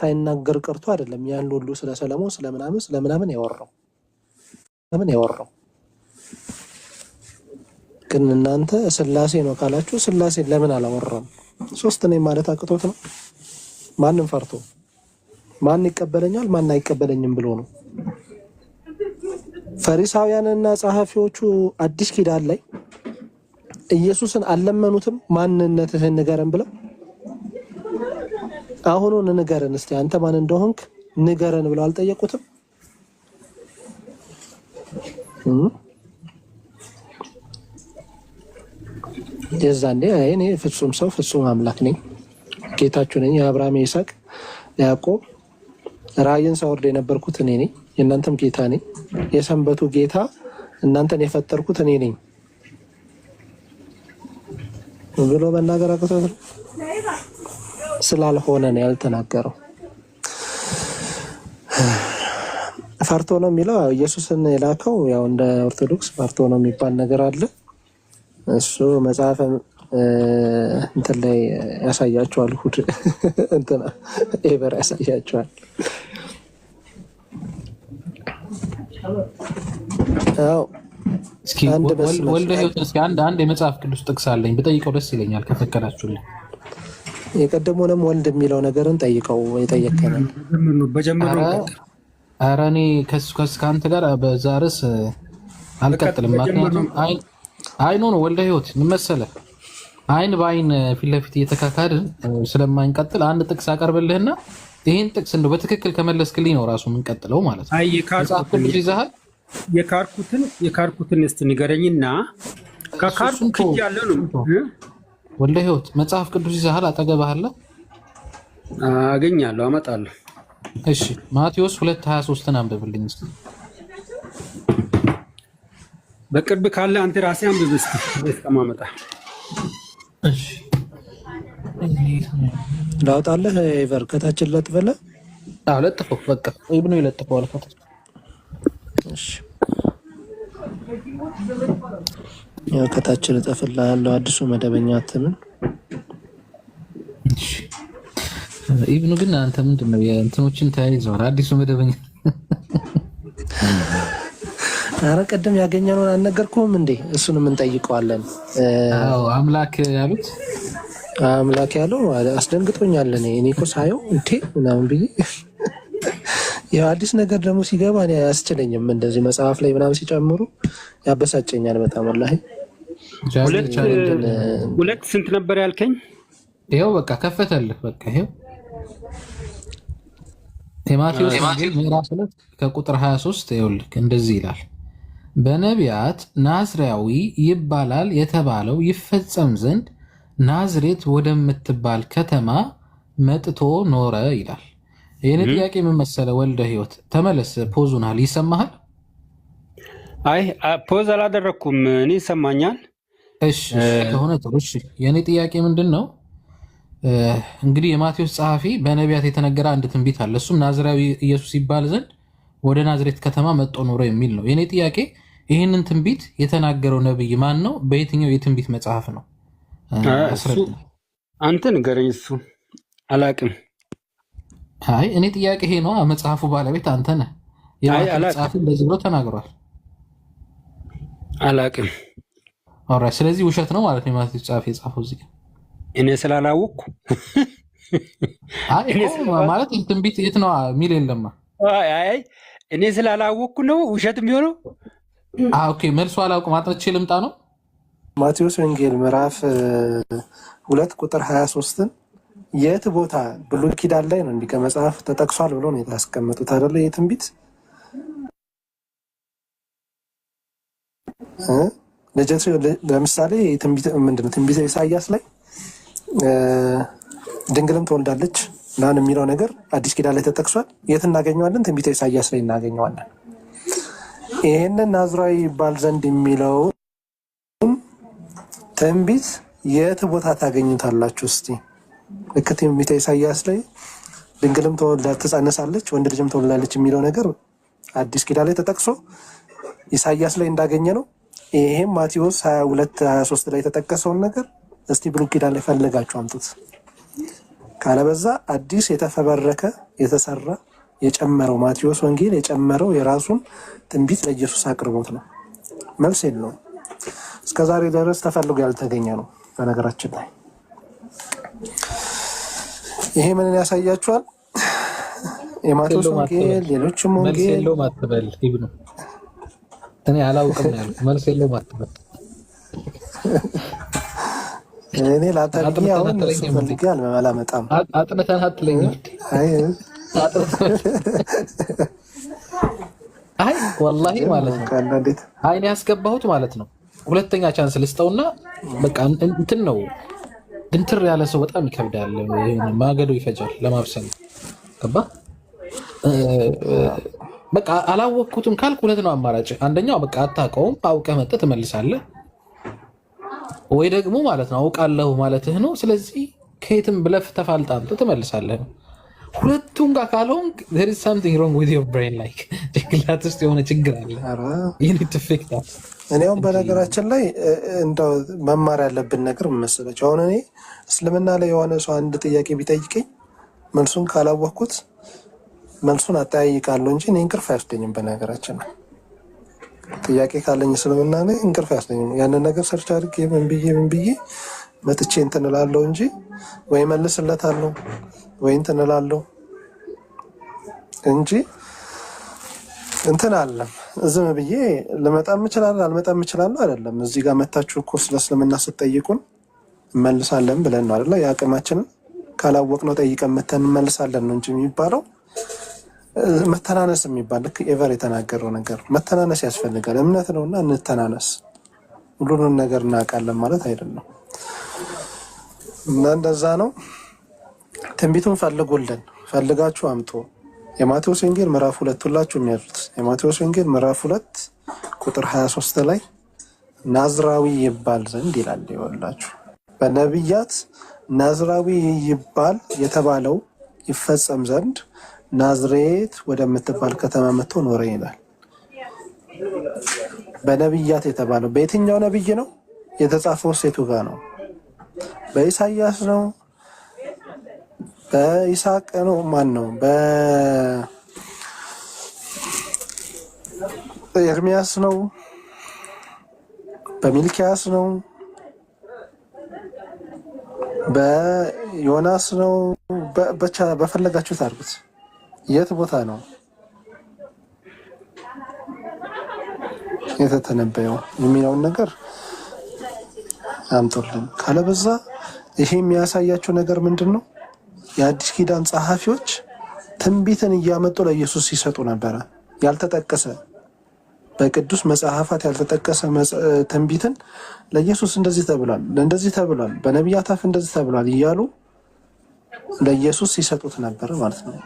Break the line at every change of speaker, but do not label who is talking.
ሳይናገር ቀርቶ አይደለም ያን ሁሉ ስለ ሰለሞን ስለምናምን ስለምናምን ያወራው ምን ያወራው ግን እናንተ ስላሴ ነው ካላችሁ ስላሴ ለምን አላወራም? ሶስት ነኝ ማለት አቅቶት ነው? ማንም ፈርቶ ማን ይቀበለኛል ማን አይቀበለኝም ብሎ ነው። ፈሪሳውያንና ጸሐፊዎቹ አዲስ ኪዳን ላይ ኢየሱስን አልለመኑትም። ማንነትህን ንገረን ብለው አሁኑን ንገረን እስቲ አንተ ማን እንደሆንክ ንገረን ብለው አልጠየቁትም? የዛኔ እኔ ፍጹም ሰው ፍጹም አምላክ ነኝ፣ ጌታችሁ ነኝ፣ የአብርሃም የይስሐቅ ያዕቆብ ራእይን ሳወርድ የነበርኩት እኔ ነኝ፣ የእናንተም ጌታ ነኝ፣ የሰንበቱ ጌታ እናንተን የፈጠርኩት እኔ ነኝ ብሎ መናገር አቅቶት ስላልሆነ ነው ያልተናገረው። ፈርቶ ነው የሚለው ኢየሱስን የላከው ያው እንደ ኦርቶዶክስ ፈርቶ ነው የሚባል ነገር አለ። እሱ መጽሐፈ እንትን ላይ ያሳያቸዋል፣ እሑድ እንትን ኤበር ያሳያቸዋል።
አንድ የመጽሐፍ ቅዱስ ጥቅስ አለኝ ብጠይቀው ደስ ይለኛል ከፈቀዳችሁልኝ።
የቀደሙንም ወልድ የሚለው ነገርን ጠይቀው የጠየቀናል።
ኧረ እኔ ከአንተ ጋር በዛ ርዕስ አልቀጥልም። ምክንያቱም አይኑ ነው ወልደ ህይወት ንመሰለ አይን በአይን ፊት ለፊት እየተካካድን ስለማንቀጥል አንድ ጥቅስ አቀርብልህና ይህን ጥቅስ እንደው በትክክል ከመለስክልኝ ነው ራሱ የምንቀጥለው ማለት ነው። መጽሐፍ ይዘሃል?
የካርኩትን የካርኩትን እስቲ ንገረኝና ከካርኩት ያለ ነው
ወልደ ህይወት መጽሐፍ ቅዱስ ይዛሃል? አጠገብህ አለ?
አገኛለሁ፣ አመጣለሁ።
እሺ ማቴዎስ 2:23ን አንብብልኝ እስኪ።
በቅርብ ካለ አንተ ራሴ አንብብ እስኪ እስከማመጣ። እሺ ላውጣለህ። በርከታችን ለጥፈለህ?
አዎ ለጥፈው። በቃ
ኢብኑ ይለጥፈዋል። እሺ ያው ከታች ልጠፍልሃለሁ አዲሱ መደበኛ ትምን
ኢብኑ ግን አንተ ምንድን ነው የእንትኖችን ተያይዘዋል። አዲሱ መደበኛ
አረ ቀደም ያገኘነውን አልነገርኩህም እንዴ? እሱንም እንጠይቀዋለን።
አምላክ ያሉት
አምላክ ያለው አስደንግጦኛል። እኔ እኮ ሳየው እንቴ ምናምን ብዬ አዲስ ነገር ደግሞ ሲገባ እኔ አያስችለኝም። እንደዚህ መጽሐፍ ላይ ምናምን ሲጨምሩ ያበሳጨኛል በጣም ወላሂ።
ሁለት ስንት ነበር ያልከኝ? ይኸው በቃ ከፈተልህ። በቃ ይኸው ቴማቴዎስ ምዕራፍ ሁለት ከቁጥር 23 ይኸውልህ እንደዚህ ይላል በነቢያት ናዝሪያዊ ይባላል የተባለው ይፈጸም ዘንድ ናዝሬት ወደምትባል ከተማ መጥቶ ኖረ ይላል። የኔ ጥያቄ ምን መሰለ፣ ወልደ ህይወት ተመለስ። ፖዙናል ይሰማሃል?
አይ ፖዝ አላደረግኩም እኔ ይሰማኛል።
እሺ ከሆነ ጥሩ። እሺ የእኔ ጥያቄ ምንድን ነው እንግዲህ የማቴዎስ ጸሐፊ በነቢያት የተነገረ አንድ ትንቢት አለ። እሱም ናዝራዊ ኢየሱስ ይባል ዘንድ ወደ ናዝሬት ከተማ መጦ ኖሮ የሚል ነው። የእኔ ጥያቄ ይህንን ትንቢት የተናገረው ነብይ ማን ነው? በየትኛው የትንቢት መጽሐፍ ነው?
አንተ ንገረኝ። እሱ አላቅም
አይ እኔ ጥያቄ ይሄ ነው። መጽሐፉ ባለቤት አንተ ነህ። የመጽሐፍ እንደዚህ ብሎ ተናግሯል። አላቅም። ኦራይ ስለዚህ ውሸት ነው ማለት ነው። የማቴዎስ ጸሐፊ የጻፈው እዚህ
እኔ ስላላወቅኩ
ማለት ትንቢት የት ነው የሚል የለማ።
አይ እኔ ስላላወቅኩ ነው ውሸት የሚሆነው።
ኦኬ መልሶ አላውቅም። አጥርቼ ልምጣ ነው
ማቴዎስ ወንጌል ምዕራፍ ሁለት ቁጥር ሀያ ሶስትን የት ቦታ ብሉይ ኪዳን ላይ ነው እንዲህ ከመጽሐፍ ተጠቅሷል ብሎ ነው የታስቀመጡት አይደለ? የትንቢት ለምሳሌ ምንድነው ትንቢተ ኢሳያስ ላይ ድንግልም ትወልዳለች ምናምን የሚለው ነገር አዲስ ኪዳን ላይ ተጠቅሷል። የት እናገኘዋለን? ትንቢተ ኢሳያስ ላይ እናገኘዋለን። ይህንን ናዝራዊ ይባል ዘንድ የሚለውን ትንቢት የት ቦታ ታገኙታላችሁ እስቲ? ትንቢተ ኢሳያስ ላይ ድንግልም ተወልዳ ትጸንሳለች ወንድ ልጅም ተወልዳለች የሚለው ነገር አዲስ ኪዳን ላይ ተጠቅሶ ኢሳያስ ላይ እንዳገኘ ነው። ይሄም ማቴዎስ 22 23 ላይ የተጠቀሰውን ነገር እስቲ ብሉይ ኪዳን ላይ ፈልጋችሁ አምጡት። ካለበዛ አዲስ የተፈበረከ የተሰራ የጨመረው ማቴዎስ ወንጌል የጨመረው የራሱን ትንቢት ለኢየሱስ አቅርቦት ነው። መልስ የለውም። እስከዛሬ ድረስ ተፈልጎ ያልተገኘ ነው በነገራችን ላይ ይሄ ምንን ያሳያችኋል? የማቴዎስ ወንጌል፣ ሌሎችም ወንጌል የለውም
አትበል ይብኑ እኔ አላውቅም ነው መልስ የለውም አትበል።
እኔ አትለኝም።
አይ ወላሂ ማለት ነው። አይ እኔ ያስገባሁት ማለት ነው። ሁለተኛ ቻንስ ልስጠውና በቃ እንትን ነው እንትር ያለ ሰው በጣም ይከብዳል። ማገዶ ይፈጃል ለማብሰል ገባ። በቃ አላወቅኩትም ካልክ ሁለት ነው አማራጭ። አንደኛው በቃ አታውቀውም አውቀህ መጥተህ ትመልሳለህ፣ ወይ ደግሞ ማለት ነው አውቃለሁ ማለትህ ነው። ስለዚህ ከየትም ብለፍ ተፋልጣ አምጥተህ ትመልሳለህ ነው ሁለቱም ጋር ካልሆን there is something wrong with your brain like ጭንቅላት ውስጥ የሆነ ችግር አለ።
እኔውም በነገራችን ላይ እንደው መማር ያለብን ነገር መሰለች። አሁን እኔ እስልምና ላይ የሆነ ሰው አንድ ጥያቄ ቢጠይቀኝ መልሱን ካላወቅኩት መልሱን አጠያይቃለሁ እንጂ እኔ እንቅልፍ አያስደኝም። በነገራችን ነው ጥያቄ ካለኝ እስልምና ላይ እንቅልፍ አያስደኝም። ያንን ነገር ሰርች አድርጌ ምን ብዬ ምን ብዬ መጥቼ እንትን እላለሁ እንጂ ወይ መልስለታለሁ ወይ እንትን እላለሁ እንጂ እንትን አለም ዝም ብዬ ልመጣም እችላለሁ አልመጣም እችላለሁ አይደለም። እዚህ ጋር መታችሁ እኮ ስለ እስልምና ስትጠይቁን እመልሳለን ብለን ነው አይደለ? የአቅማችንን ካላወቅነው ጠይቀን መተን እንመልሳለን ነው እንጂ የሚባለው መተናነስ የሚባል ልክ ኤቨር የተናገረው ነገር መተናነስ ያስፈልጋል። እምነት ነውና እንተናነስ። ሁሉንም ነገር እናውቃለን ማለት አይደለም። እና እንደዛ ነው። ትንቢቱን ፈልጉልን፣ ፈልጋችሁ አምጡ። የማቴዎስ ወንጌል ምዕራፍ ሁለት ሁላችሁ የሚያዙት የማቴዎስ ወንጌል ምዕራፍ ሁለት ቁጥር 23 ላይ ናዝራዊ ይባል ዘንድ ይላል። ይወላችሁ በነቢያት ናዝራዊ ይባል የተባለው ይፈጸም ዘንድ ናዝሬት ወደምትባል ከተማ መጥቶ ኖረ ይላል። በነቢያት የተባለው በየትኛው ነቢይ ነው የተጻፈው? ሴቱ ጋር ነው በኢሳያስ ነው በኢሳቅ ነው ማን ነው? በኤርሚያስ ነው በሚልኪያስ ነው በዮናስ ነው። ብቻ በፈለጋችሁት አድርጉት። የት ቦታ ነው የተተነበየው የሚለውን ነገር አምጦልን ካለበዛ ይሄ የሚያሳያቸው ነገር ምንድን ነው? የአዲስ ኪዳን ጸሐፊዎች ትንቢትን እያመጡ ለኢየሱስ ሲሰጡ ነበረ። ያልተጠቀሰ በቅዱስ መጽሐፋት ያልተጠቀሰ ትንቢትን ለኢየሱስ እንደዚህ ተብሏል፣ እንደዚህ ተብሏል፣ በነቢያት አፍ እንደዚህ ተብሏል እያሉ ለኢየሱስ ሲሰጡት ነበር ማለት ነው።